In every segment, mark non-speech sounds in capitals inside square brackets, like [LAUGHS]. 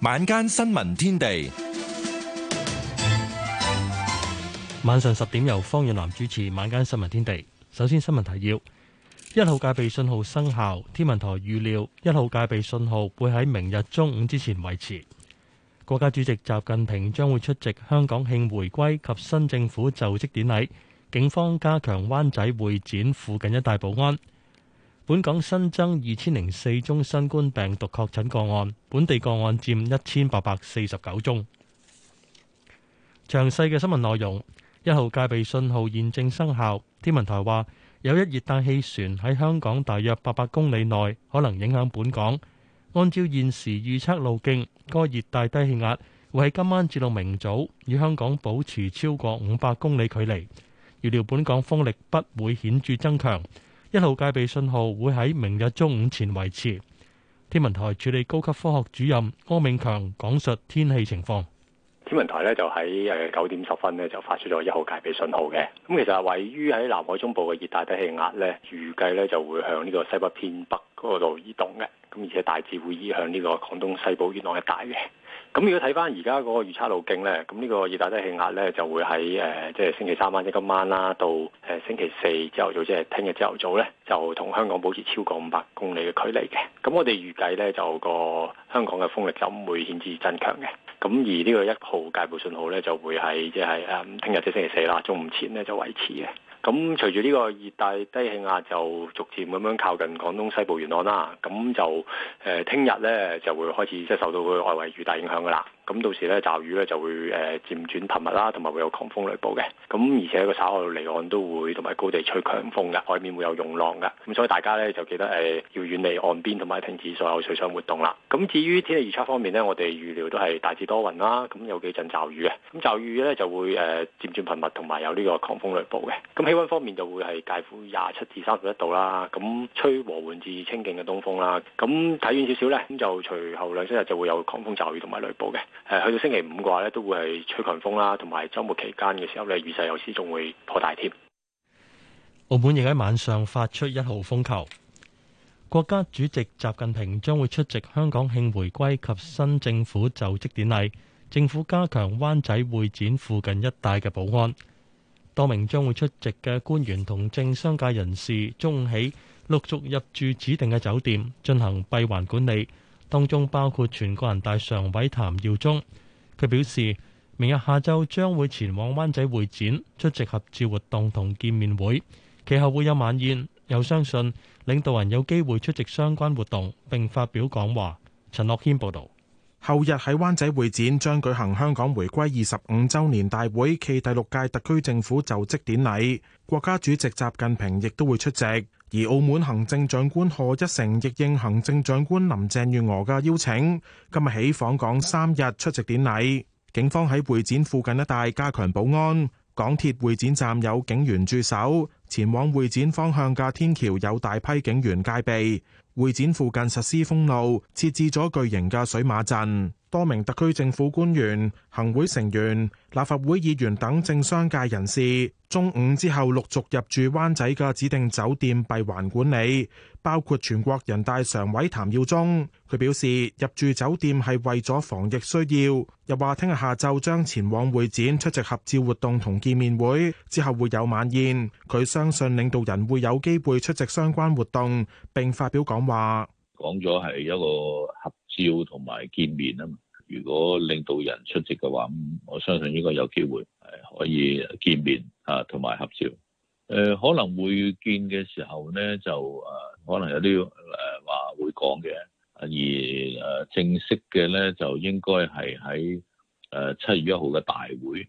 晚間新聞天地，晚上十點由方遠南主持。晚間新聞天地，首先新聞提要：一號戒備信號生效，天文台預料一號戒備信號會喺明日中午之前維持。國家主席習近平將會出席香港慶回歸及新政府就職典禮。警方加強灣仔會展附近一帶保安。本港新增二千零四宗新冠病毒確診個案，本地個案占一千八百四十九宗。詳細嘅新聞內容，一號戒備信號現正生效。天文台話，有一熱帶氣旋喺香港大約八百公里內，可能影響本港。按照現時預測路徑，該熱帶低氣壓會喺今晚至到明早與香港保持超過五百公里距離。預料本港風力不會顯著增強。一號戒備信號會喺明日中午前維持。天文台處理高級科學主任柯永強講述天氣情況。天文台咧就喺誒九點十分咧就發出咗一號戒備信號嘅。咁其實位於喺南海中部嘅熱帶低氣壓咧，預計咧就會向呢個西北偏北嗰度移動嘅。咁而且大致會移向呢個廣東西部沿岸一帶嘅。咁如果睇返而家個預測路徑咧，咁呢個熱帶低氣壓咧就會喺誒、呃，即係星期三晚即今晚啦，到誒星期四朝頭早即係聽日朝頭早咧，就同香港保持超過五百公里嘅距離嘅。咁我哋預計咧就個香港嘅風力就唔會顯著增強嘅。咁而呢個一號戒備信號咧就會喺即係誒聽日即星期四啦，中午前咧就維持嘅。咁隨住呢個熱帶低氣壓就逐漸咁樣靠近廣東西部沿岸啦，咁就誒聽日咧就會開始即係受到佢外圍雨帶影響㗎啦。咁到時咧，驟雨咧就會誒、呃、漸轉頻密啦，同埋會有狂風雷暴嘅。咁而且個稍後離岸都會同埋高地吹強風嘅，海面會有湧浪嘅。咁所以大家咧就記得誒、呃、要遠離岸邊，同埋停止所有水上活動啦。咁至於天氣預測方面咧，我哋預料都係大致多雲啦。咁有幾陣驟雨嘅，咁驟雨咧就會誒、呃、漸轉頻密，同埋有呢個狂風雷暴嘅。咁氣温方面就會係介乎廿七至三十一度啦。咁吹和緩至清勁嘅東風啦。咁睇遠少少咧，咁就隨後兩三日就會有狂風驟雨同埋雷暴嘅。誒去到星期五嘅話，咧，都會係吹強風啦，同埋周末期間嘅時候呢，雨勢有時仲會頗大添。澳門亦喺晚上發出一號風球。國家主席習近平將會出席香港慶回歸及新政府就職典禮，政府加強灣仔會展附近一帶嘅保安。多名將會出席嘅官員同政商界人士中午起陸續入住指定嘅酒店，進行閉環管理。當中包括全國人大常委譚耀宗，佢表示明日下晝將會前往灣仔會展出席合照活動同見面會，其後會有晚宴，又相信領導人有機會出席相關活動並發表講話。陳樂軒報導。後日喺灣仔會展將舉行香港回歸二十五周年大會暨第六屆特區政府就職典禮，國家主席習近平亦都會出席，而澳門行政長官賀一誠亦應行政長官林鄭月娥嘅邀請，今日起訪港三日出席典禮。警方喺會展附近一帶加強保安，港鐵會展站有警員駐守，前往會展方向嘅天橋有大批警員戒備。會展附近實施封路，設置咗巨型嘅水馬陣。多名特區政府官員、行會成員、立法會議員等政商界人士中午之後陸續入住灣仔嘅指定酒店，閉環管理。包括全國人大常委譚耀宗，佢表示入住酒店係為咗防疫需要。又話聽日下晝將前往會展出席合照活動同見面會，之後會有晚宴。佢相信領導人會有機會出席相關活動並發表講話，講咗係一個照同埋見面啊嘛！如果領導人出席嘅話，我相信應該有機會可以見面啊，同埋合照。誒、呃、可能會見嘅時候呢，就誒、呃、可能有啲誒話會講嘅，而誒、呃、正式嘅呢，就應該係喺誒七月一號嘅大會。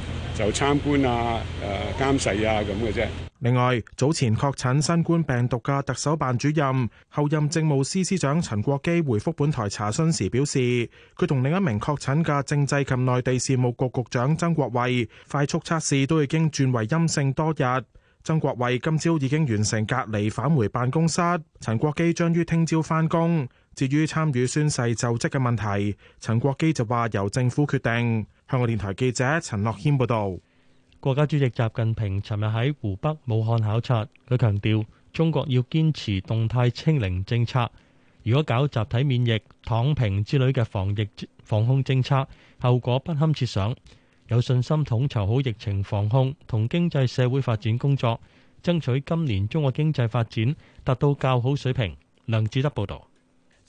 就參觀啊、誒監視啊咁嘅啫。另外，早前確診新冠病毒嘅特首辦主任、候任政務司司長陳國基回覆本台查詢時表示，佢同另一名確診嘅政制及內地事務局局長曾國衛快速測試都已經轉為陰性多日。曾國衛今朝已經完成隔離，返回辦公室。陳國基將於聽朝返工。至於參與宣誓就職嘅問題，陳國基就話由政府決定。香港電台記者陳樂謙報道，國家主席習近平尋日喺湖北武漢考察，佢強調中國要堅持動態清零政策，如果搞集體免疫、躺平之類嘅防疫防控政策，後果不堪設想。有信心統籌好疫情防控同經濟社會發展工作，爭取今年中國經濟發展達到較好水平。梁志德報道。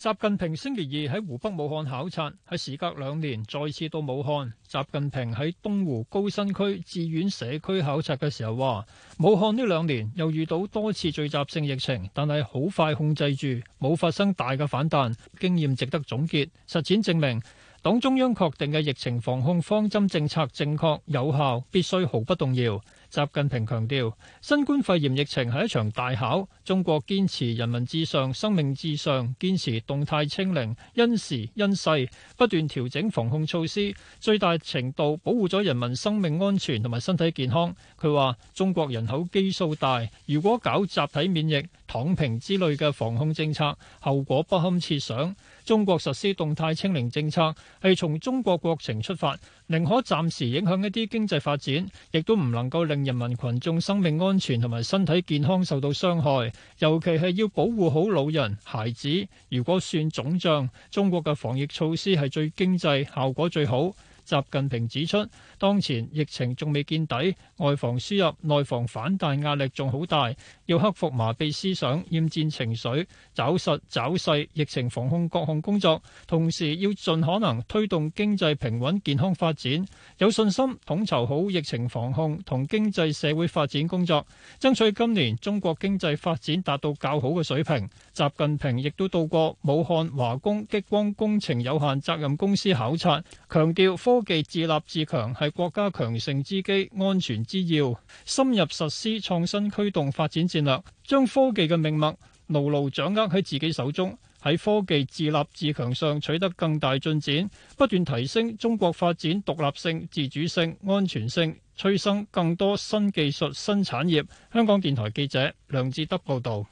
習近平星期二喺湖北武漢考察，喺時隔兩年再次到武漢。習近平喺東湖高新區志遠社區考察嘅時候話：武漢呢兩年又遇到多次聚集性疫情，但係好快控制住，冇發生大嘅反彈，經驗值得總結，實踐證明，黨中央確定嘅疫情防控方針政策正確有效，必須毫不動搖。習近平強調，新冠肺炎疫情係一場大考，中國堅持人民至上、生命至上，堅持動態清零，因時因勢不斷調整防控措施，最大程度保護咗人民生命安全同埋身體健康。佢話：中國人口基數大，如果搞集體免疫、躺平之類嘅防控政策，後果不堪設想。中國實施動態清零政策，係從中國國情出發，寧可暫時影響一啲經濟發展，亦都唔能夠令人民群眾生命安全同埋身體健康受到傷害，尤其係要保護好老人、孩子。如果算總賬，中國嘅防疫措施係最經濟，效果最好。習近平指出，當前疫情仲未見底，外防輸入、內防反彈壓力仲好大，要克服麻痹思想、厭戰情緒，抓實抓細疫情防控各項工作，同時要盡可能推動經濟平穩健康發展，有信心統籌好疫情防控同經濟社會發展工作，爭取今年中國經濟發展達到較好嘅水平。習近平亦都到過武漢華工激光工程有限責任公司考察，強調科科技自立自強係國家強盛之基、安全之要。深入實施創新驅動發展戰略，將科技嘅命脈牢牢掌握喺自己手中，喺科技自立自強上取得更大進展，不斷提升中國發展獨立性、自主性、安全性，催生更多新技術、新產業。香港電台記者梁志德報道。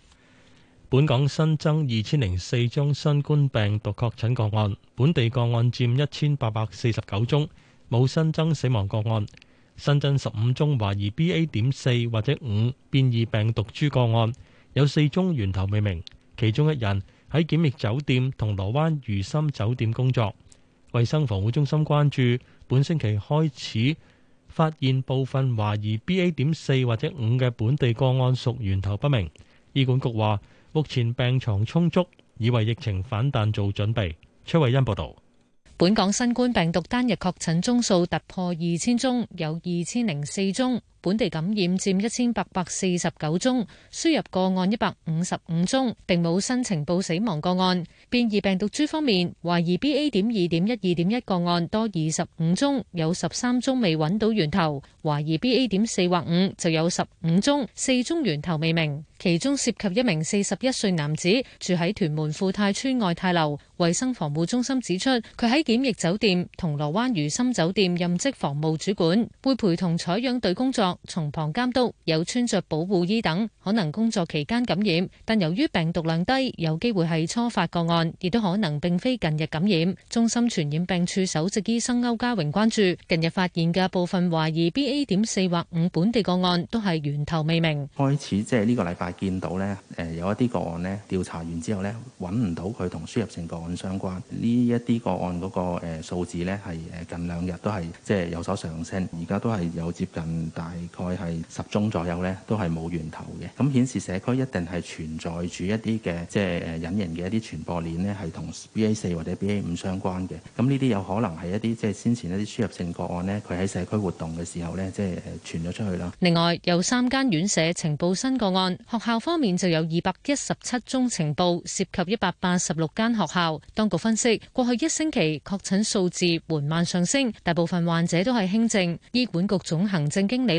本港新增二千零四宗新冠病毒確診個案，本地個案佔一千八百四十九宗，冇新增死亡個案。新增十五宗懷疑 B A. 點四或者五變異病毒株個案，有四宗源頭未明，其中一人喺檢疫酒店銅鑼灣如心酒店工作。衛生防護中心關注本星期開始發現部分懷疑 B A. 點四或者五嘅本地個案屬源頭不明。醫管局話。目前病床充足，已為疫情反彈做準備。崔慧欣報道。本港新冠病毒單日確診宗數突破二千宗，有二千零四宗。本地感染佔一千八百四十九宗，輸入個案一百五十五宗，並冇新呈報死亡個案。變異病毒株方面，懷疑 BA. 點二點一二點一個案多二十五宗，有十三宗未搵到源頭；懷疑 BA. 點四或五就有十五宗，四宗源頭未明。其中涉及一名四十一歲男子，住喺屯門富泰邨愛泰樓。衛生防護中心指出，佢喺檢疫酒店銅鑼灣如心酒店任職防務主管，會陪同採樣隊工作。從旁監督，有穿着保護衣等，可能工作期間感染，但由於病毒量低，有機會係初發個案，亦都可能並非近日感染。中心傳染病處首席醫生歐家榮關注，近日發現嘅部分懷疑 B A 點四或五本地個案，都係源頭未明。開始即係呢個禮拜見到呢，誒，有一啲個案呢調查完之後呢，搵唔到佢同輸入性個案相關。呢一啲個案嗰個誒數字呢，係誒近兩日都係即係有所上升，而家都係有接近大。大概係十宗左右呢都係冇源頭嘅。咁顯示社區一定係存在住一啲嘅，即係隱形嘅一啲傳播鏈呢係同 BA 四或者 BA 五相關嘅。咁呢啲有可能係一啲即係先前一啲輸入性個案呢，佢喺社區活動嘅時候呢，即係傳咗出去啦。另外有三間院舍呈報新個案，學校方面就有二百一十七宗呈報，涉及一百八十六間學校。當局分析過去一星期確診數字緩慢上升，大部分患者都係輕症。醫管局總行政經理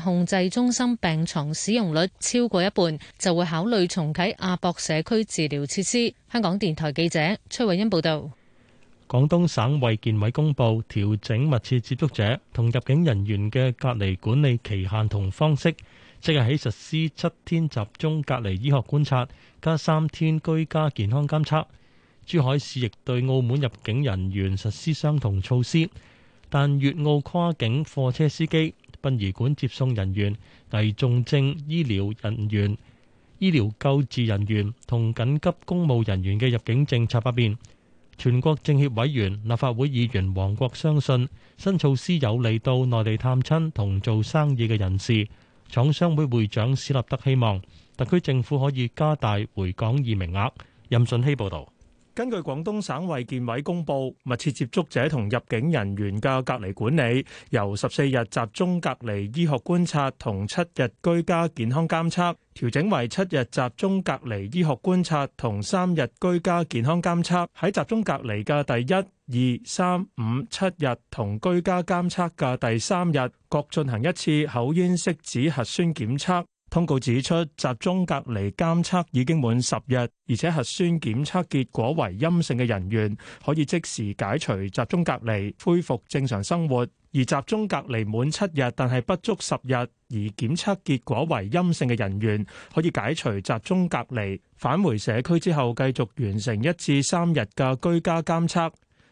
控制中心病床使用率超過一半，就會考慮重啟亞博社區治療設施。香港電台記者崔慧欣報道。廣東省衛健委公布調整密切接觸者同入境人員嘅隔離管理期限同方式，即日起實施七天集中隔離醫學觀察加三天居家健康監測，珠海市亦對澳門入境人員實施相同措施，但粵澳跨境貨車司機。殯儀館接送人員、危重症醫療人員、醫療救治人員同緊急公務人員嘅入境政策不變。全國政協委員、立法會議員黃國相信新措施有利到內地探親同做生意嘅人士。廠商會會長史立德希望特區政府可以加大回港易名額。任信希報導。根據廣東省衛健委公布，密切接觸者同入境人員嘅隔離管理，由十四日集中隔離醫學觀察同七日居家健康監測，調整為七日集中隔離醫學觀察同三日居家健康監測。喺集中隔離嘅第一、二、三、五、七日同居家監測嘅第三日，各進行一次口咽拭子核酸檢測。通告指出，集中隔離監測已經滿十日，而且核酸檢測結果為陰性嘅人員可以即時解除集中隔離恢復正常生活。而集中隔離滿七日但係不足十日，而檢測結果為陰性嘅人員可以解除集中隔離返回社區之後繼續完成一至三日嘅居家監測，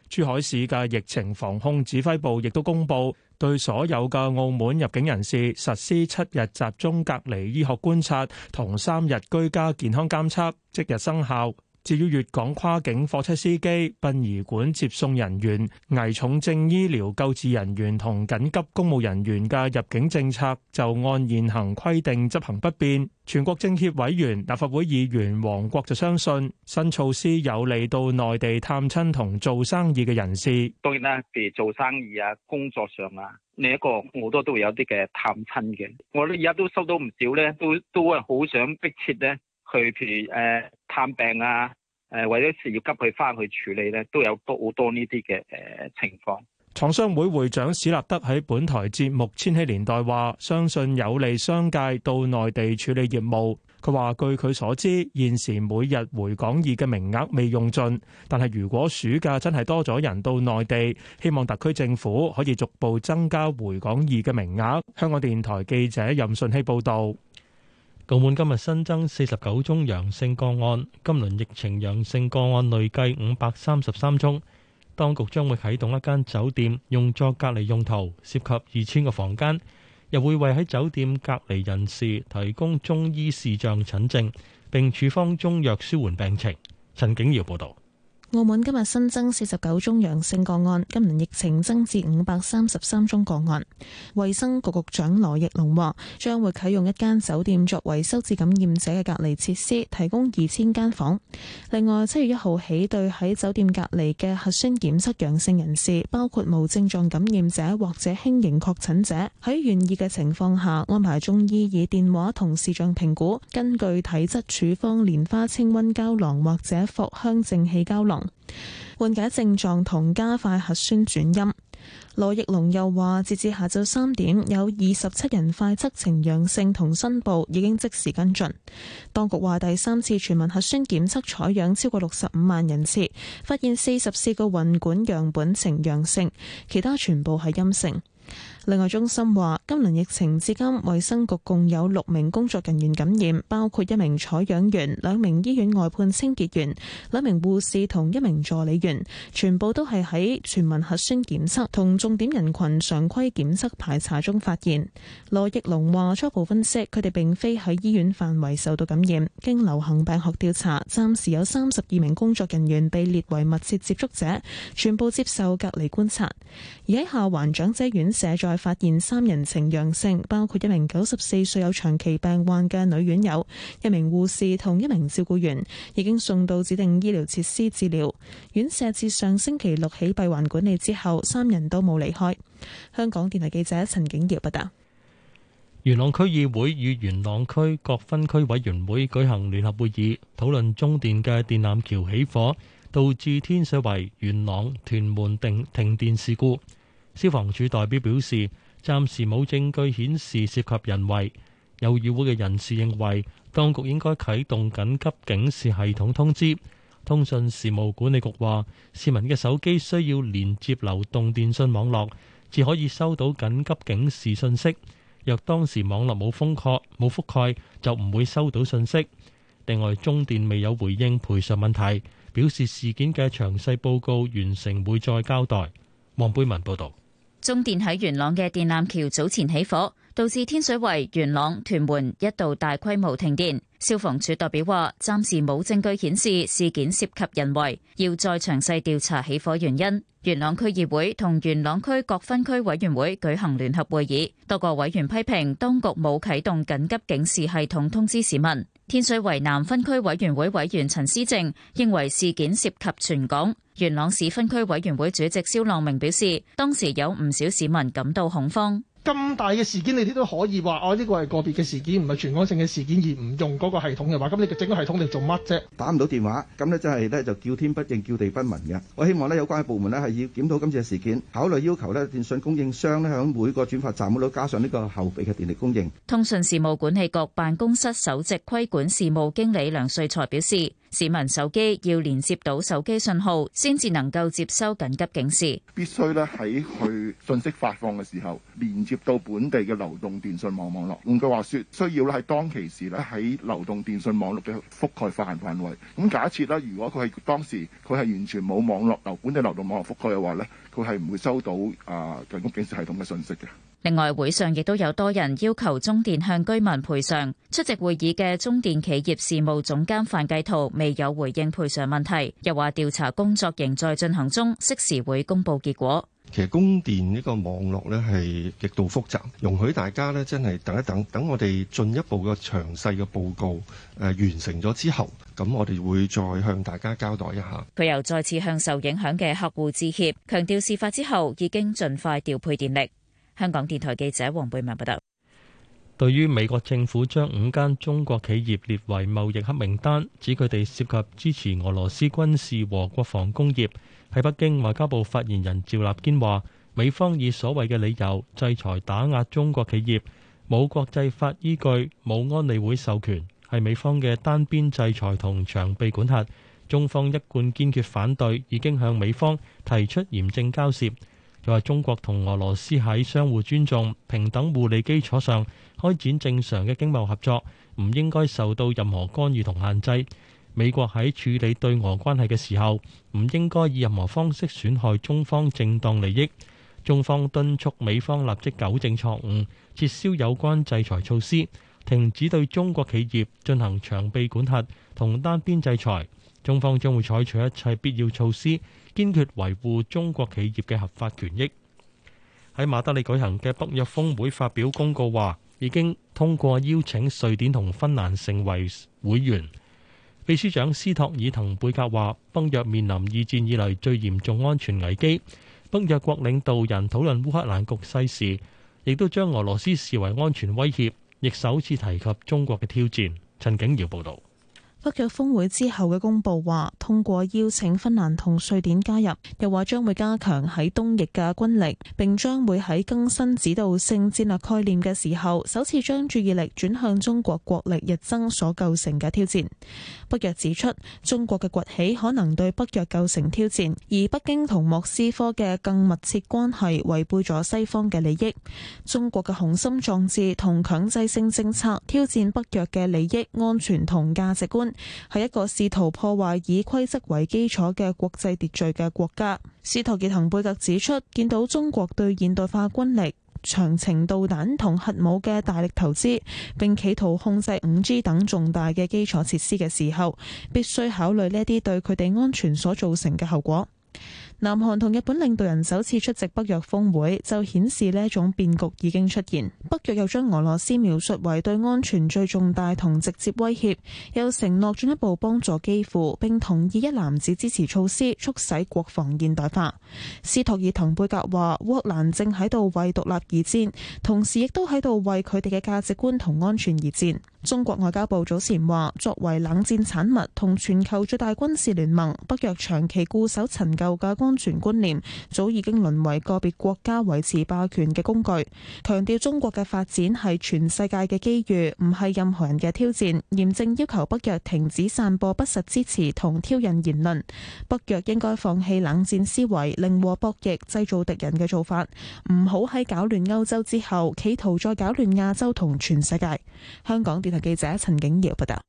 珠海市嘅疫情防控指揮部亦都公布，對所有嘅澳門入境人士實施七日集中隔離醫學觀察同三日居家健康監測，即日生效。至於粵港跨境貨車司機、殯儀館接送人員、危重症醫療救治人員同緊急公務人員嘅入境政策，就按現行規定執行不變。全國政協委員、立法會議員黃國就相信新措施有利到內地探親同做生意嘅人士。當然啦，譬如做生意啊、工作上啊，另一個好多都會有啲嘅探親嘅，我哋而家都收到唔少咧，都都係好想迫切咧。去譬如誒探病啊，誒或者是要急佢翻去處理咧，都有多好多呢啲嘅誒情況。廠商會會長史立德喺本台節目《千禧年代》話，相信有利商界到內地處理業務，佢話據佢所知，現時每日回港二嘅名額未用盡，但係如果暑假真係多咗人到內地，希望特區政府可以逐步增加回港易嘅名額。香港電台記者任順希報道。澳門今日新增四十九宗陽性個案，今輪疫情陽性個案累計五百三十三宗。當局將會啟動一間酒店用作隔離用途，涉及二千個房間，又會為喺酒店隔離人士提供中醫視像診症，並處方中藥舒緩病情。陳景瑤報道。澳門今日新增四十九宗陽性個案，今年疫情增至五百三十三宗個案。衛生局局長羅奕龍話，將會啟用一間酒店作為收治感染者嘅隔離設施，提供二千間房。另外，七月一號起，對喺酒店隔離嘅核酸檢測陽性人士，包括無症狀感染者或者輕型確診者，喺願意嘅情況下，安排中醫以電話同視像評估，根據體質處方蓮花清瘟膠囊或者藿香正氣膠囊。緩解症狀同加快核酸轉陰。羅奕龍又話，截至下晝三點，有二十七人快測呈陽性同申報，已經即時跟進。當局話，第三次全民核酸檢測採樣超過六十五萬人次，發現四十四個混管樣本呈陽性，其他全部係陰性。另外，中心話，今輪疫情至今，衛生局共有六名工作人員感染，包括一名採樣員、兩名醫院外判清潔員、兩名護士同一名助理員，全部都係喺全民核酸檢測同重點人群常規檢測排查中發現。羅奕龍話初步分析，佢哋並非喺醫院範圍受到感染，經流行病學調查，暫時有三十二名工作人員被列為密切接觸者，全部接受隔離觀察。而喺下環長者院舍在發現三人呈陽性，包括一名九十四歲有長期病患嘅女院友、一名護士同一名照顧員，已經送到指定醫療設施治療。院舍自上星期六起閉環管理之後，三人都冇離開。香港電台記者陳景耀報道。元朗區議會與元朗區各分區委員會舉行聯合會議，討論中電嘅電纜橋起火，導致天水圍、元朗、屯門停停電事故。消防處代表表示，暫時冇證據顯示涉及人為。有議會嘅人士認為，當局應該啟動緊急警示系統通知。通訊事務管理局話，市民嘅手機需要連接流動電訊網絡，至可以收到緊急警示信息。若當時網絡冇封確冇覆蓋，就唔會收到信息。另外，中電未有回應賠償問題，表示事件嘅詳細報告完成會再交代。黃貝文報道。中電喺元朗嘅電纜橋早前起火，導致天水圍、元朗、屯門一度大規模停電。消防處代表話，暫時冇證據顯示事件涉及人為，要再詳細調查起火原因。元朗區議會同元朗區各分區委員會舉行聯合會議，多個委員批評當局冇啟動緊急警示系統通知市民。天水圍南分區委員會委員陳思正認為事件涉及全港。元朗市分區委員會主席蕭浪明表示，當時有唔少市民感到恐慌。咁大嘅事件，你哋都可以話我呢個係個別嘅事件，唔係全港性嘅事件而唔用嗰個系統嘅話，咁你整個系統嚟做乜啫？打唔到電話，咁咧真係咧就叫天不應，叫地不聞嘅。我希望咧有關嘅部門咧係要檢討今次嘅事件，考慮要求咧電信供應商咧喺每個轉發站嗰度加上呢個後備嘅電力供應。通訊事務管理局辦公室首席規管事務經理梁瑞才表示。市民手機要連接到手機信號，先至能夠接收緊急警示。必須咧喺佢信息發放嘅時候，連接到本地嘅流動電信網絡網絡。換句話說，需要咧喺當其時咧喺流動電信網絡嘅覆蓋範範圍。咁假設咧，如果佢係當時佢係完全冇網絡由本地流動網絡覆蓋嘅話咧，佢係唔會收到啊緊急警示系統嘅信息嘅。另外，會上亦都有多人要求中電向居民賠償。出席會議嘅中電企業事務總監范繼濤未有回應賠償問題，又話調查工作仍在進行中，適時會公布結果。其實供電呢個網絡呢係極度複雜，容許大家呢真係等一等，等我哋進一步嘅詳細嘅報告誒完成咗之後，咁我哋會再向大家交代一下。佢又再次向受影響嘅客戶致歉，強調事發之後已經盡快調配電力。香港電台記者王貝文報道：對於美國政府將五間中國企業列為貿易黑名單，指佢哋涉及支持俄羅斯軍事和國防工業。喺北京，外交部發言人趙立堅話：美方以所謂嘅理由制裁打壓中國企業，冇國際法依據，冇安理會授權，係美方嘅單邊制裁同長臂管轄。中方一貫堅決反對，已經向美方提出嚴正交涉。就話：中國同俄羅斯喺相互尊重、平等互利基礎上開展正常嘅經貿合作，唔應該受到任何干預同限制。美國喺處理對俄關係嘅時候，唔應該以任何方式損害中方正當利益。中方敦促美方立即糾正錯誤，撤銷有關制裁措施，停止對中國企業進行長臂管轄同單邊制裁。中方將會採取一切必要措施。堅決維護中國企業嘅合法權益。喺馬德里舉行嘅北約峰會發表公告話，已經通過邀請瑞典同芬蘭成為會員。秘書長斯托爾滕貝格話，北約面臨二戰以嚟最嚴重安全危機。北約國領導人討論烏克蘭局勢時，亦都將俄羅斯視為安全威脅，亦首次提及中國嘅挑戰。陳景瑤報道。北約峰會之後嘅公佈話，通過邀請芬蘭同瑞典加入，又話將會加強喺東翼嘅軍力，並將會喺更新指導性戰略概念嘅時候，首次將注意力轉向中國國力日增所構成嘅挑戰。北約指出，中國嘅崛起可能對北約構成挑戰，而北京同莫斯科嘅更密切關係違背咗西方嘅利益。中國嘅雄心壯志同強制性政策挑戰北約嘅利益、安全同價值觀。係一個試圖破壞以規則為基礎嘅國際秩序嘅國家。斯托爾滕貝格指出，見到中國對現代化軍力、長程導彈同核武嘅大力投資，並企圖控制 5G 等重大嘅基礎設施嘅時候，必須考慮呢啲對佢哋安全所造成嘅後果。南韓同日本領導人首次出席北約峰會，就顯示呢種變局已經出現。北約又將俄羅斯描述為對安全最重大同直接威脅，又承諾進一步幫助基輔並同意一籃子支持措施，促使國防現代化。斯托爾滕貝格話：烏克蘭正喺度為獨立而戰，同時亦都喺度為佢哋嘅價值觀同安全而戰。中國外交部早前話：作為冷戰產物同全球最大軍事聯盟，北約長期固守陳舊嘅安全觀念早已經淪為個別國家維持霸權嘅工具，強調中國嘅發展係全世界嘅機遇，唔係任何人嘅挑戰，嚴正要求北約停止散播不實支持同挑釁言論，北約應該放棄冷戰思維，零和博弈、製造敵人嘅做法，唔好喺搞亂歐洲之後企圖再搞亂亞洲同全世界。香港電台記者陳景堯報道。拜拜。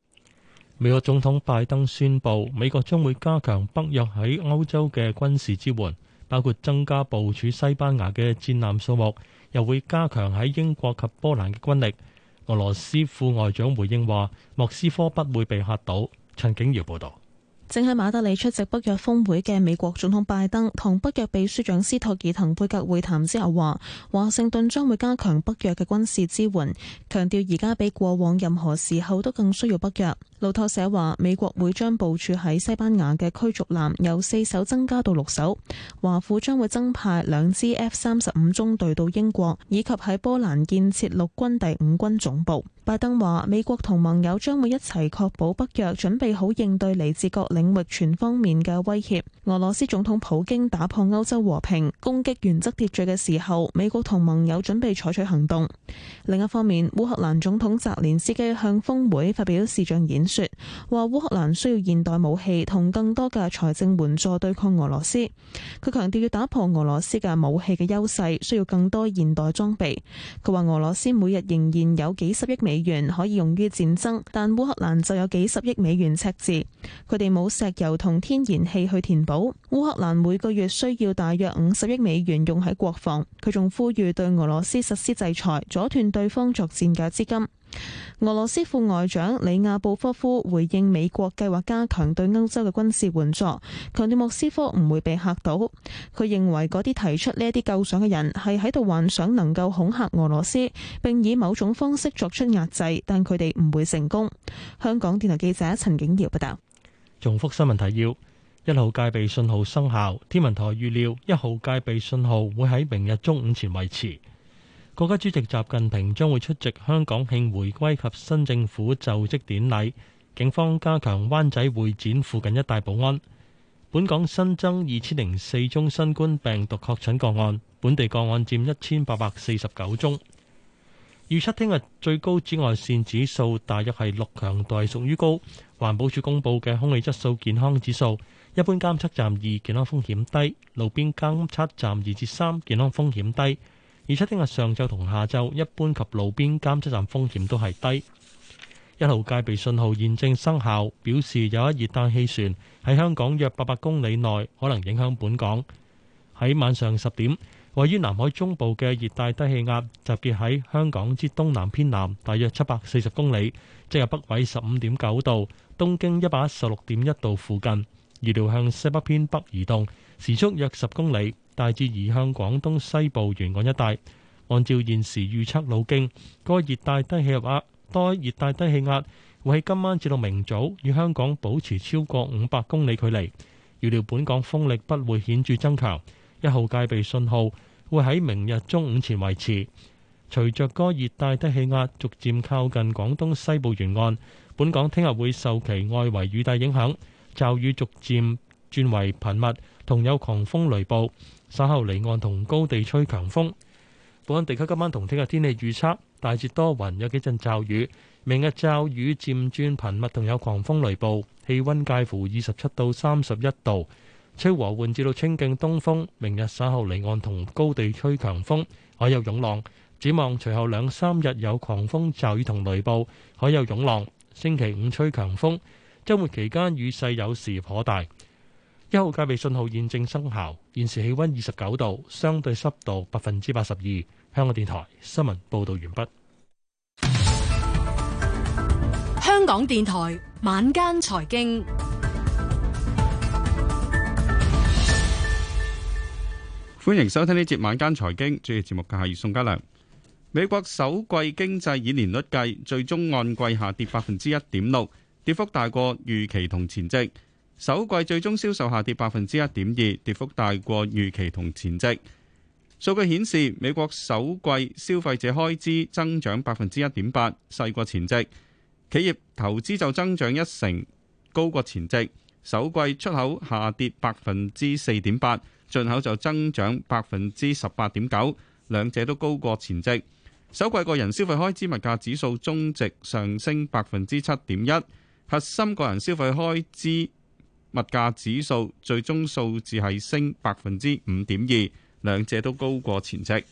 美國總統拜登宣布，美國將會加強北約喺歐洲嘅軍事支援，包括增加部署西班牙嘅戰艦數目，又會加強喺英國及波蘭嘅軍力。俄羅斯副外長回應話：莫斯科不會被嚇倒。陳景堯報道。正喺馬德里出席北約峰會嘅美國總統拜登同北約秘書長斯托爾滕貝格會談之後，話華盛頓將會加強北約嘅軍事支援，強調而家比過往任何時候都更需要北約。路透社話，美國會將部署喺西班牙嘅驅逐艦由四艘增加到六艘，華府將會增派兩支 F 三十五中隊到英國，以及喺波蘭建設陸軍第五軍總部。拜登話：美國同盟友將會一齊確保北約準備好應對嚟自各領域全方面嘅威脅。俄羅斯總統普京打破歐洲和平攻擊原則秩序嘅時候，美國同盟友準備採取行動。另一方面，烏克蘭總統澤連斯基向峰會發表視像演說，話烏克蘭需要現代武器同更多嘅財政援助對抗俄羅斯。佢強調要打破俄羅斯嘅武器嘅優勢，需要更多現代裝備。佢話俄羅斯每日仍然有幾十億美元可以用於戰爭，但烏克蘭就有幾十億美元赤字，佢哋冇石油同天然氣去填補。烏克蘭每個月需要大約五十億美元用喺國防，佢仲呼籲對俄羅斯實施制裁，阻斷對方作戰嘅資金。俄羅斯副外長里亞布科夫回應美國計劃加強對歐洲嘅軍事援助，強調莫斯科唔會被嚇到。佢認為嗰啲提出呢一啲構想嘅人係喺度幻想能夠恐嚇俄羅斯，並以某種方式作出壓制，但佢哋唔會成功。香港電台記者陳景瑤報道。重複新聞提要：一號戒備信號生效，天文台預料一號戒備信號會喺明日中午前維持。國家主席習近平將會出席香港慶回歸及新政府就職典禮。警方加強灣仔會展附近一帶保安。本港新增二千零四宗新冠病毒確診個案，本地個案占一千八百四十九宗。預測聽日最高紫外綫指數大約係六，強度屬於高。環保署公布嘅空氣質素健康指數，一般監測站二，健康風險低；路邊監測站二至三，健康風險低。而且聽日上晝同下晝，一般及路邊監測站風險都係低。一號戒備信號現正生效，表示有一熱帶氣旋喺香港約八百公里內可能影響本港。喺晚上十點，位於南海中部嘅熱帶低氣壓集結喺香港之東南偏南，大約七百四十公里，即係北緯十五點九度、東經一百一十六點一度附近，預料向西北偏北移動，時速約十公里。大致移向廣東西部沿岸一帶。按照現時預測路徑，該熱帶低氣壓多熱帶低氣壓會喺今晚至到明早與香港保持超過五百公里距離。預料本港風力不會顯著增強，一號戒備信號會喺明日中午前維持。隨著該熱帶低氣壓逐漸靠近廣東西部沿岸，本港聽日會受其外圍雨帶影響，驟雨逐漸轉為頻密。同有狂風雷暴，稍後離岸同高地吹強風。本港地區今晚同聽日天氣預測，大致多雲，有幾陣驟雨。明日驟雨漸轉頻密，同有狂風雷暴。氣溫介乎二十七到三十一度，吹和緩至到清勁東風。明日稍後離岸同高地吹強風，海有湧浪。展望隨後兩三日有狂風驟雨同雷暴，海有湧浪。星期五吹強風，周末期間雨勢有時頗大。一號戒備信號現正生效。現時氣溫二十九度，相對濕度百分之八十二。香港電台新聞報道完畢。香港電台晚間財經，歡迎收聽呢節晚間財經，主要節目嘅係宋嘉良。美國首季經濟以年率計，最終按季下跌百分之一點六，跌幅大過預期同前值。首季最終銷售下跌百分之一點二，跌幅大過預期同前值。數據顯示，美國首季消費者開支增長百分之一點八，細過前值；企業投資就增長一成，高過前值。首季出口下跌百分之四點八，進口就增長百分之十八點九，兩者都高過前值。首季個人消費開支物價指數終值上升百分之七點一，核心個人消費開支。物價指數最終數字係升百分之五點二，兩者都高過前值。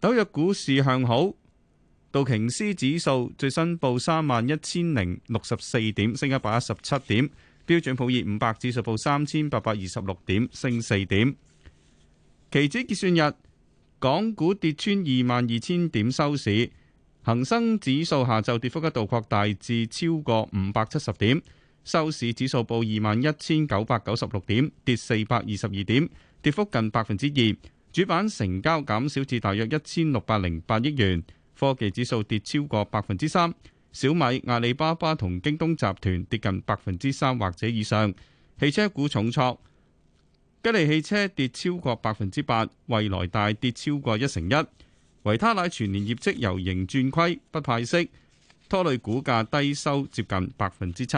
紐約股市向好，道瓊斯指數最新報三萬一千零六十四點，升一百一十七點；標準普爾五百指數報三千八百二十六點，升四點。期指結算日，港股跌穿二萬二千點收市。恆生指數下晝跌幅一度擴大至超過五百七十點，收市指數報二萬一千九百九十六點，跌四百二十二點，跌幅近百分之二。主板成交減少至大約一千六百零八億元，科技指數跌超過百分之三，小米、阿里巴巴同京東集團跌近百分之三或者以上。汽車股重挫，吉利汽車跌超過百分之八，蔚來大跌超過一成一。維他奶全年業績由盈轉虧，不派息，拖累股價低收接近百分之七。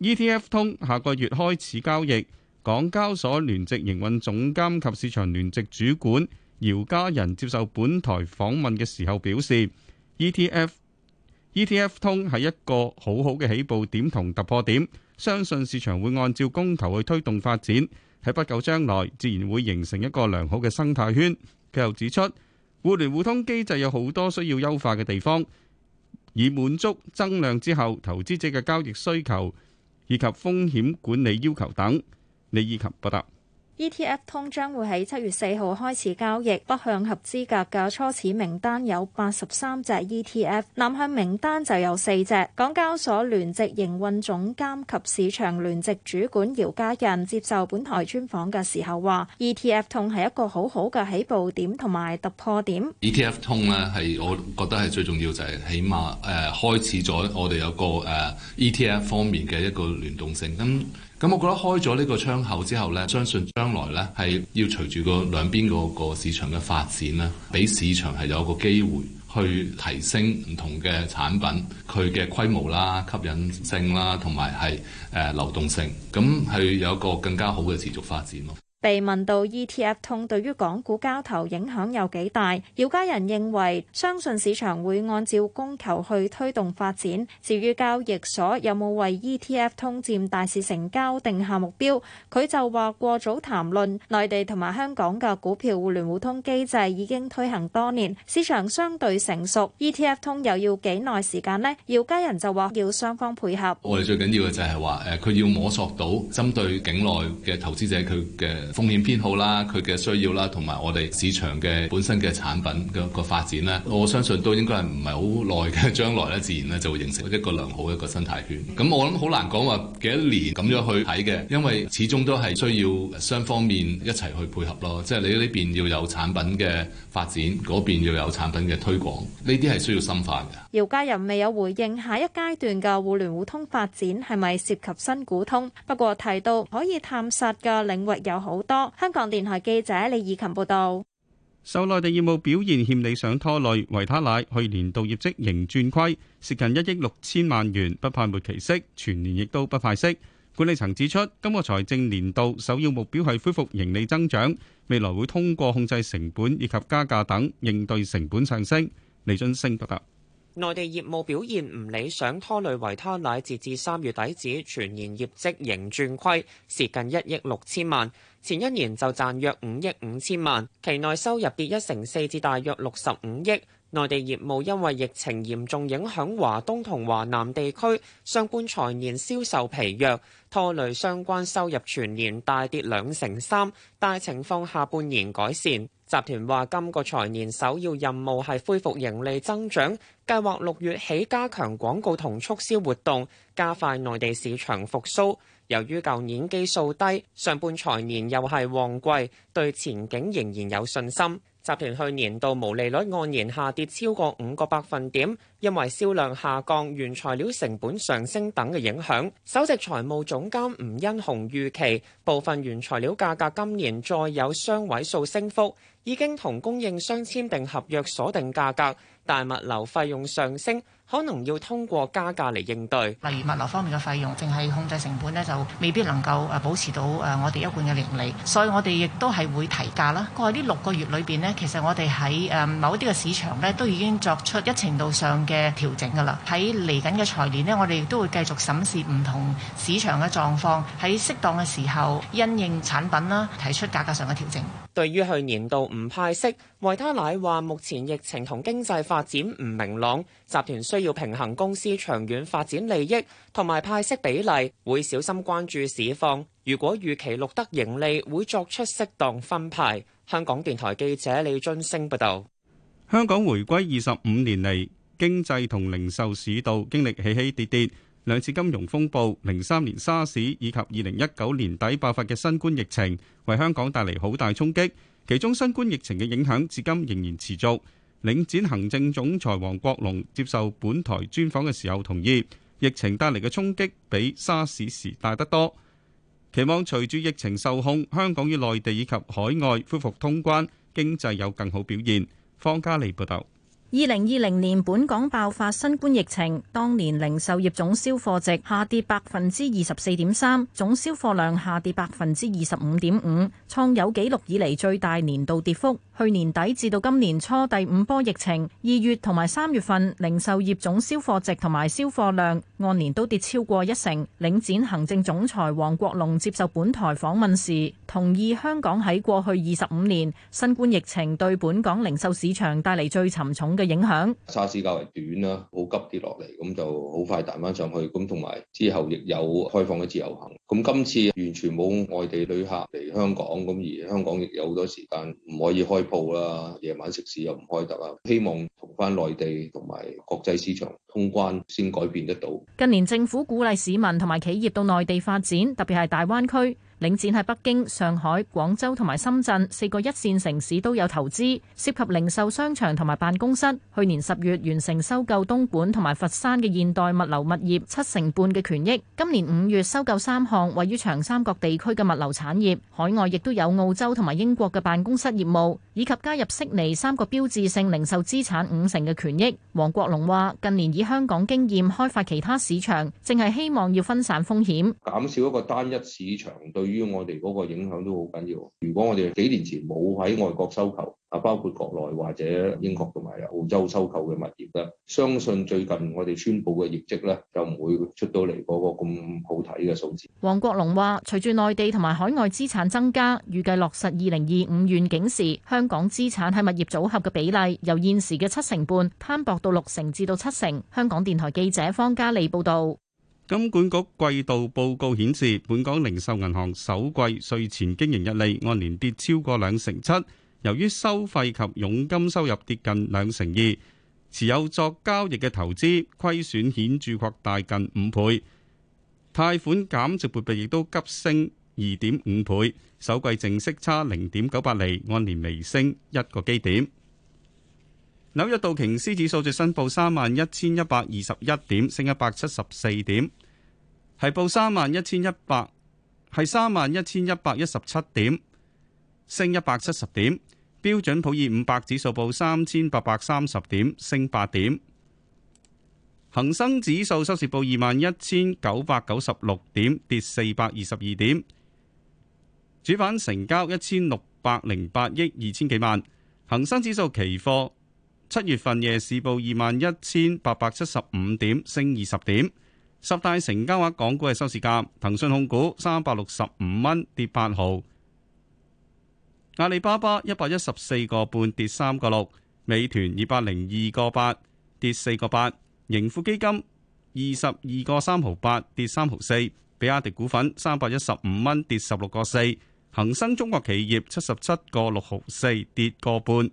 ETF 通下個月開始交易。港交所聯席營運總監及市場聯席主管姚嘉仁接受本台訪問嘅時候表示，ETF ETF 通係一個好好嘅起步點同突破點，相信市場會按照供求去推動發展，喺不久將來自然會形成一個良好嘅生態圈。佢又指出，互聯互通機制有好多需要優化嘅地方，以滿足增量之後投資者嘅交易需求，以及風險管理要求等。李以及報道。ETF 通將會喺七月四號開始交易，北向合資格嘅初始名單有八十三隻 ETF，南向名單就有四隻。港交所聯席營運總監及市場聯席主管姚嘉仁接受本台專訪嘅時候話：ETF 通係一個好好嘅起步點同埋突破點。ETF 通呢，係我覺得係最重要，就係起碼誒、呃、開始咗，我哋有個誒、呃、ETF 方面嘅一個聯動性。咁咁我覺得開咗呢個窗口之後咧，相信將來咧，係要隨住個兩邊個個市場嘅發展啦，俾市場係有一個機會去提升唔同嘅產品佢嘅規模啦、吸引性啦，同埋係誒流動性，咁係有一個更加好嘅持續發展咯。被問到 ETF 通對於港股交投影響有幾大，姚嘉仁認為相信市場會按照供求去推動發展。至於交易所有冇為 ETF 通佔大市成交定下目標，佢就話過早談論。內地同埋香港嘅股票互聯互通機制已經推行多年，市場相對成熟。ETF 通又要幾耐時間呢？姚嘉仁就話要雙方配合。我哋最緊要嘅就係話，誒佢要摸索到針對境內嘅投資者佢嘅，風險偏好啦，佢嘅需要啦，同埋我哋市場嘅本身嘅產品嘅個發展咧，我相信都應該係唔係好耐嘅將來咧，自然咧就會形成一個良好嘅一個生態圈。咁我諗好難講話幾多年咁樣去睇嘅，因為始終都係需要雙方面一齊去配合咯。即係你呢邊要有產品嘅發展，嗰邊要有產品嘅推廣，呢啲係需要深化嘅。姚家仁未有回應下一階段嘅互聯互通發展係咪涉及新股通？不過提到可以探索嘅領域有好多香港電台記者李以琴報道，受內地業務表現欠理想拖累，維他奶去年度業績盈轉虧，蝕近一億六千萬元，不派末期息，全年亦都不派息。管理層指出，今個財政年度首要目標係恢復盈利增長，未來會通過控制成本以及加價等應對成本上升。李津升報道，內地業務表現唔理想拖累維他奶，截至三月底止，全年業績盈轉虧，蝕近一億六千萬。前一年就賺約五億五千萬，期內收入跌一成四至大約六十五億。內地業務因為疫情嚴重影響華東同華南地區，上半財年銷售疲弱，拖累相關收入全年大跌兩成三。但情況下半年改善。集團話今個財年首要任務係恢復盈利增長，計劃六月起加強廣告同促銷活動，加快內地市場復甦。由於舊年基數低，上半財年又係旺季，對前景仍然有信心。集團去年度毛利率按年下跌超過五個百分點。因為銷量下降，原材料成本上升等嘅影響，首席財務總監吳欣雄預期部分原材料價格今年再有雙位數升幅，已經同供應商簽訂合約鎖定價格，但物流費用上升可能要通過加價嚟應對。例如物流方面嘅費用，淨係控制成本呢就未必能夠誒，保持到誒我哋一貫嘅盈利，所以我哋亦都係會提價啦。過去呢六個月裏邊呢，其實我哋喺誒某啲嘅市場呢，都已經作出一程度上嘅。嘅調整噶啦，喺嚟緊嘅財年咧，我哋亦都會繼續審視唔同市場嘅狀況，喺適當嘅時候，因應產品啦，提出價格上嘅調整。對於去年度唔派息，維他奶話目前疫情同經濟發展唔明朗，集團需要平衡公司長遠發展利益同埋派息比例，會小心關注市況，如果預期錄得盈利，會作出適當分派。香港電台記者李津升報道。香港回歸二十五年嚟。經濟同零售市道經歷起起跌跌，兩次金融風暴、零三年沙士以及二零一九年底爆發嘅新冠疫情，為香港帶嚟好大衝擊。其中新冠疫情嘅影響至今仍然持續。領展行政總裁王國龍接受本台專訪嘅時候，同意疫情帶嚟嘅衝擊比沙士時大得多。期望隨住疫情受控，香港與內地以及海外恢復通關，經濟有更好表現。方嘉利報導。二零二零年本港爆發新冠疫情，當年零售業總銷貨值下跌百分之二十四點三，總銷貨量下跌百分之二十五點五，創有紀錄以嚟最大年度跌幅。去年底至到今年初第五波疫情，二月同埋三月份零售業總銷貨值同埋銷貨量按年都跌超過一成。領展行政總裁王國龍接受本台訪問時，同意香港喺過去二十五年新冠疫情對本港零售市場帶嚟最沉重嘅影響，沙士較為短啦，好急跌落嚟，咁就好快彈翻上去。咁同埋之後亦有開放嘅自由行。咁今次完全冇外地旅客嚟香港，咁而香港亦有好多時間唔可以開鋪啦，夜晚食肆又唔開得啊。希望同翻內地同埋國際市場通關，先改變得到。近年政府鼓勵市民同埋企業到內地發展，特別係大灣區。領展喺北京、上海、廣州同埋深圳四個一線城市都有投資，涉及零售商場同埋辦公室。去年十月完成收購東莞同埋佛山嘅現代物流物業七成半嘅權益，今年五月收購三項位於長三角地區嘅物流產業。海外亦都有澳洲同埋英國嘅辦公室業務，以及加入悉尼三個標誌性零售資產五成嘅權益。王國龍話：近年以香港經驗開發其他市場，淨係希望要分散風險，減少一個單一市場對。於我哋嗰個影響都好緊要。如果我哋幾年前冇喺外國收購，啊，包括國內或者英國同埋澳洲收購嘅物業咧，相信最近我哋宣佈嘅業績咧，就唔會出到嚟嗰個咁好睇嘅數字。黃國龍話，隨住內地同埋海外資產增加，預計落實二零二五願景時，香港資產喺物業組合嘅比例由現時嘅七成半攤薄到六成至到七成。香港電台記者方嘉利報導。金管局季度報告顯示，本港零售銀行首季稅前經營溢利按年跌超過兩成七，由於收費及佣金收入跌近兩成二，持有作交易嘅投資虧損顯著擴大近五倍，貸款減值撥備亦都急升二點五倍，首季淨息差零點九八厘，按年微升一個基點。紐約道瓊斯指數最新報三萬一千一百二十一點，升一百七十四點，係報三萬一千一百，係三萬一千一百一十七點，升一百七十點。標準普爾五百指數報三千八百三十點，升八點。恒生指數收市報二萬一千九百九十六點，跌四百二十二點。主板成交一千六百零八億二千幾萬。恒生指數期貨。七月份夜市報二萬一千八百七十五點，升二十點。十大成交額港股嘅收市價：騰訊控股三百六十五蚊，跌八毫；阿里巴巴一百一十四個半，跌三個六；美團二百零二個八，跌四個八；盈富基金二十二個三毫八，跌三毫四；比亞迪股份三百一十五蚊，跌十六個四；恒生中國企業七十七個六毫四，跌個半。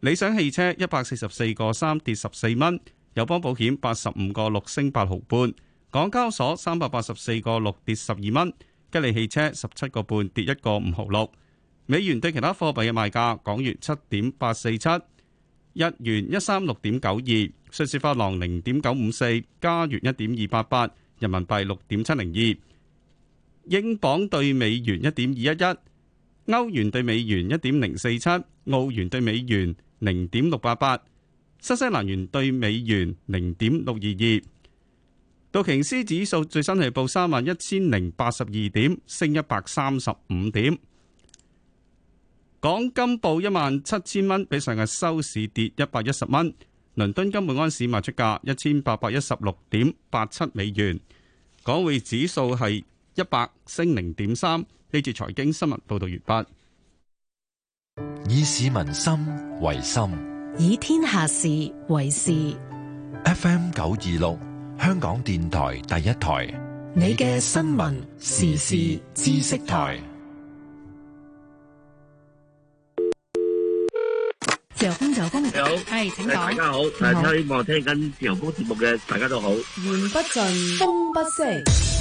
理想汽車一百四十四個三跌十四蚊，友邦保險八十五個六升八毫半，港交所三百八十四個六跌十二蚊，吉利汽車十七個半跌一個五毫六。美元對其他貨幣嘅賣價：港元七點八四七，日元一三六點九二，瑞士法郎零點九五四，加元一點二八八，人民幣六點七零二，英鎊對美元一點二一一，歐元對美元一點零四七，澳元對美元。零點六八八，新西，西蘭元兌美元零點六二二，道瓊斯指數最新係報三萬一千零八十二點，升一百三十五點。港金報一萬七千蚊，比上日收市跌一百一十蚊。倫敦金每盎司賣出價一千八百一十六點八七美元，港匯指數係一百升零點三。呢次財經新聞報道完畢。以市民心為心，以天下事為事。F M 九二六，香港電台第一台，你嘅新聞時事知識台。自由風自由風，你好，係大家好，希望聽緊自由風節目嘅大家都好。言不盡，風不息。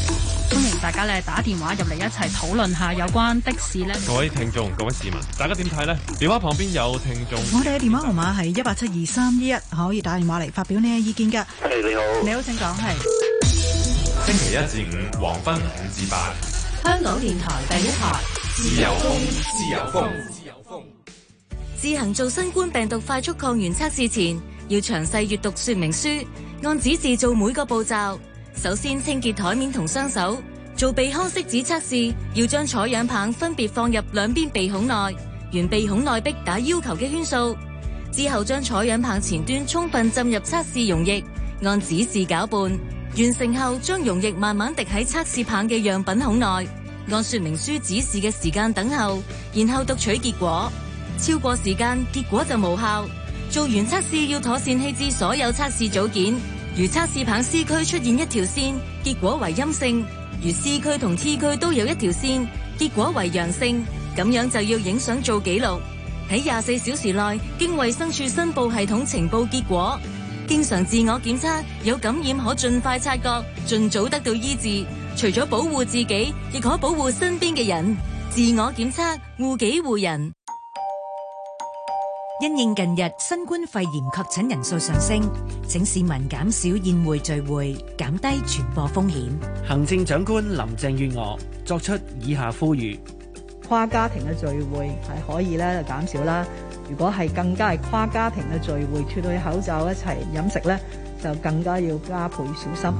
大家呢打電話入嚟一齊討論下有關的士呢。各位聽眾，各位市民，大家點睇呢？電話旁邊有聽眾。我哋嘅電話號碼係一八七二三一一，可以打電話嚟發表呢個意見㗎。你好。你好，請講。係星期一至五黃昏五至八。香港電台第一台。自由風，自由風，自由風。自行做新冠病毒快速抗原測試前，要詳細閱讀說明書，按指示做每個步驟。首先清潔台面同雙手。做鼻腔拭子測試，要將採樣棒分別放入兩邊鼻孔內，沿鼻孔內壁打要求嘅圈數，之後將採樣棒前端充分浸入測試溶液，按指示攪拌。完成後，將溶液慢慢滴喺測試棒嘅樣品孔內，按說明書指示嘅時間等候，然後讀取結果。超過時間，結果就無效。做完測試要妥善棄置所有測試組件。如測試棒 C 區出現一條線，結果為陰性。如 C 區同 T 區都有一條線，結果為陽性，咁樣就要影相做記錄，喺廿四小時內經衛生署申報系統呈報結果。經常自我檢測，有感染可盡快察覺，盡早得到醫治。除咗保護自己，亦可保護身邊嘅人。自我檢測，護己護人。因應近日新冠肺炎確診人數上升，請市民減少宴會聚會，減低傳播風險。行政長官林鄭月娥作出以下呼籲：跨家庭嘅聚會係可以咧減少啦，如果係更加係跨家庭嘅聚會，脫去口罩一齊飲食咧，就更加要加倍小心。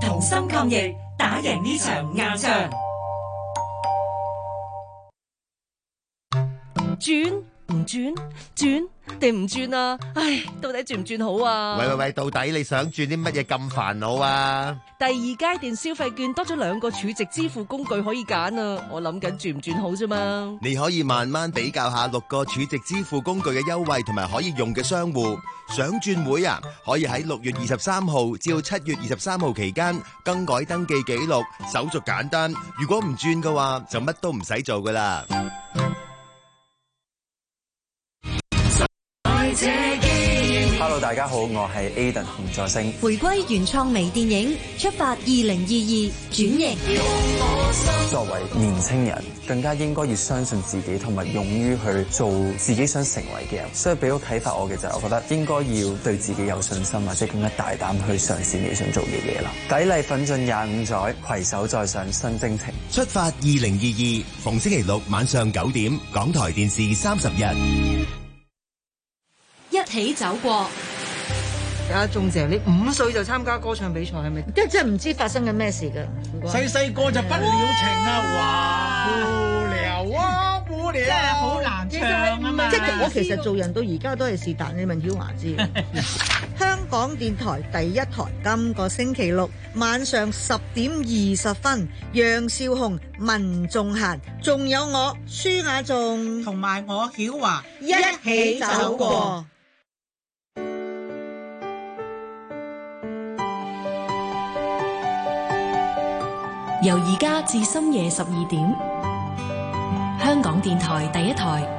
同心抗疫，打贏呢場硬仗。轉唔轉，轉定唔轉啊！唉，到底轉唔轉好啊？喂喂喂，到底你想轉啲乜嘢咁煩惱啊？第二階段消費券多咗兩個儲值支付工具可以揀啊！我諗緊轉唔轉好啫嘛。你可以慢慢比較下六個儲值支付工具嘅優惠同埋可以用嘅商戶。想轉會啊，可以喺六月二十三號至到七月二十三號期間更改登記記錄，手續簡單。如果唔轉嘅話，就乜都唔使做噶啦。Hello，大家好，我係 Aden 洪卓星，回歸原創微電影《出發二零二二》，轉型。作為年青人，更加應該要相信自己，同埋勇於去做自己想成為嘅人。所以俾到啟發我嘅就係，我覺得應該要對自己有信心，或者更加大膽去嘗試你想做嘅嘢啦。砥礪奮進廿五載，攜手再上新征程。出發二零二二，逢星期六晚上九點，港台電視三十日。一起走過。阿仲姐，你五歲就參加歌唱比賽係咪？即係真係唔知發生緊咩事噶。細細個就不了情啊！哇，不了哇，好難唱啊嘛！即係我其實做人到而家都係是但，你問曉華知。 [LAUGHS] 香港電台第一台今個星期六晚上十點二十分，楊少紅、文仲嫻、仲有我舒雅頌，同埋我曉華一起走過。由而家至深夜十二點，香港電台第一台。